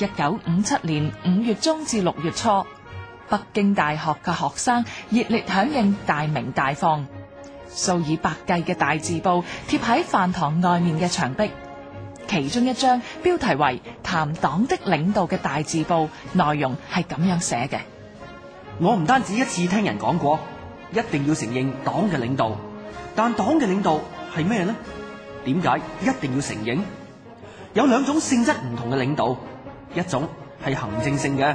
一九五七年五月中至六月初，北京大學嘅學生熱烈響應大鳴大放，數以百計嘅大字報貼喺飯堂外面嘅牆壁。其中一張標題為《談黨的領導》嘅大字報，內容係咁樣寫嘅：我唔單止一次聽人講過，一定要承認黨嘅領導，但黨嘅領導係咩咧？點解一定要承認？有兩種性質唔同嘅領導。一種係行政性嘅，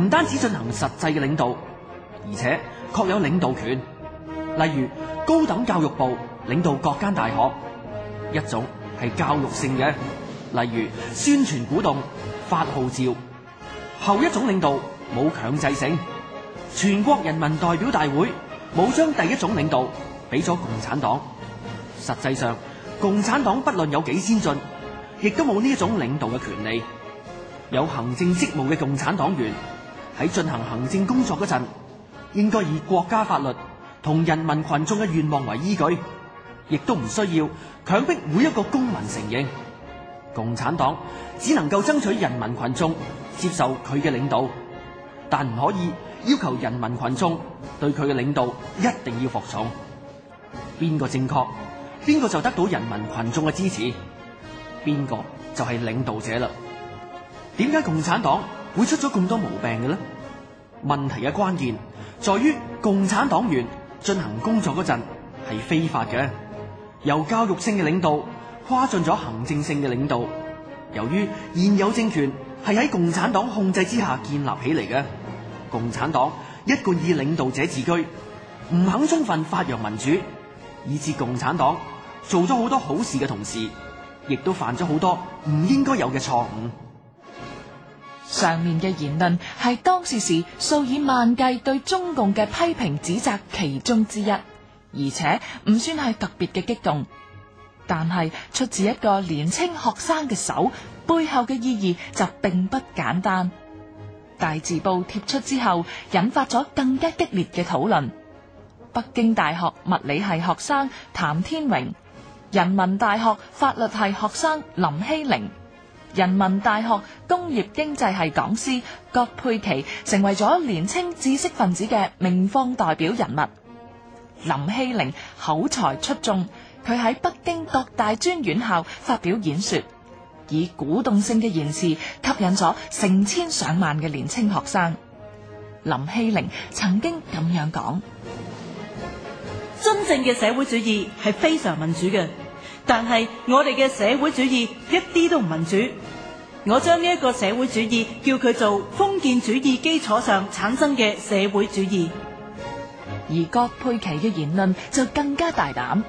唔單止進行實際嘅領導，而且確有領導權。例如高等教育部領導各間大學。一種係教育性嘅，例如宣傳鼓動、發號召。後一種領導冇強制性。全國人民代表大會冇將第一種領導俾咗共產黨。實際上，共產黨不論有幾先進，亦都冇呢一種領導嘅權利。有行政職務嘅共產黨員喺進行行政工作嗰陣，應該以國家法律同人民群眾嘅願望為依據，亦都唔需要強迫每一個公民承認。共產黨只能夠爭取人民群眾接受佢嘅領導，但唔可以要求人民群眾對佢嘅領導一定要服從。邊個正確，邊個就得到人民群眾嘅支持，邊個就係領導者啦。點解共產黨會出咗咁多毛病嘅咧？問題嘅關鍵在於共產黨員進行工作嗰陣係非法嘅，由教育性嘅領導跨進咗行政性嘅領導。由於現有政權係喺共產黨控制之下建立起嚟嘅，共產黨一貫以領導者自居，唔肯充分發揚民主，以致共產黨做咗好多好事嘅同時，亦都犯咗好多唔應該有嘅錯誤。上面嘅言論係當時時數以萬計對中共嘅批評指責其中之一，而且唔算係特別嘅激動，但係出自一個年輕學生嘅手，背後嘅意義就並不簡單。大字報貼出之後，引發咗更加激烈嘅討論。北京大學物理系學生譚天榮，人民大學法律系學生林希翎。人民大學工業經濟系講師葛佩琦成為咗年青知識分子嘅鳴放代表人物。林希翎口才出眾，佢喺北京各大專院校發表演說，以鼓動性嘅言辭，吸引咗成千上萬嘅年青學生。林希翎曾經咁樣講：真正嘅社會主義係非常民主嘅。但係我哋嘅社會主義一啲都唔民主，我將呢一個社會主義叫佢做封建主義基礎上產生嘅社會主義。而葛佩琦嘅言論就更加大膽，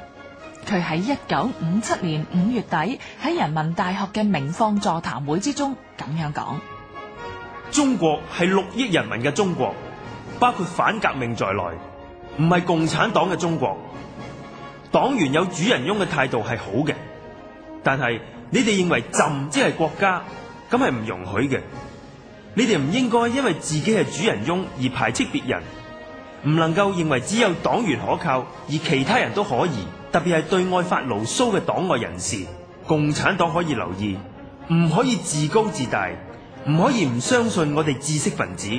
佢喺一九五七年五月底喺人民大學嘅鳴放座談會之中咁樣講：中國係六億人民嘅中國，包括反革命在內，唔係共產黨嘅中國。黨員有主人翁嘅態度係好嘅，但係你哋認為朕即係國家，咁係唔容許嘅。你哋唔應該因為自己係主人翁而排斥別人，唔能夠認為只有黨員可靠，而其他人都可以，特別係對外發牢騷嘅黨外人士，共產黨可以留意，唔可以自高自大，唔可以唔相信我哋知識分子。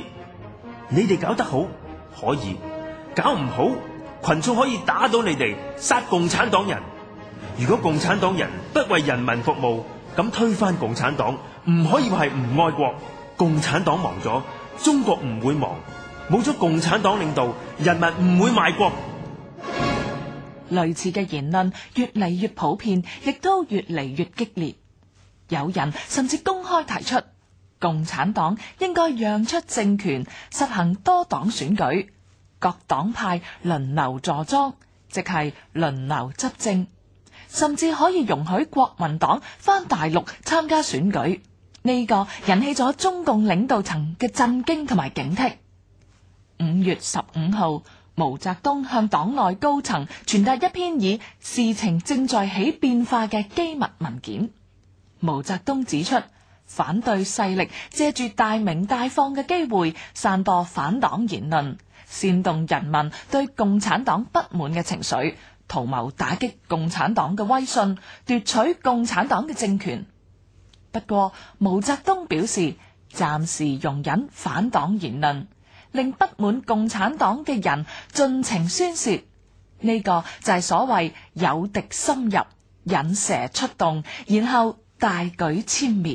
你哋搞得好，可以，搞唔好。群眾可以打倒你哋，殺共產黨人。如果共產黨人不為人民服務，咁推翻共產黨，唔可以話係唔愛國。共產黨亡咗，中國唔會亡。冇咗共產黨領導，人民唔會賣國。類似嘅言論越嚟越普遍，亦都越嚟越激烈。有人甚至公開提出，共產黨應該讓出政權，實行多黨選舉。各黨派輪流坐莊，即係輪流執政，甚至可以容許國民黨返大陸參加選舉。呢、這個引起咗中共領導層嘅震驚同埋警惕。五月十五號，毛澤東向黨內高層傳達一篇以事情正在起變化嘅機密文件。毛澤東指出，反對勢力借住大鳴大放嘅機會，散播反黨言論。煽動人民對共產黨不滿嘅情緒，圖謀打擊共產黨嘅威信，奪取共產黨嘅政權。不過，毛澤東表示暫時容忍反黨言論，令不滿共產黨嘅人盡情宣泄。呢、這個就係所謂有敵深入，引蛇出洞，然後大舉殲滅。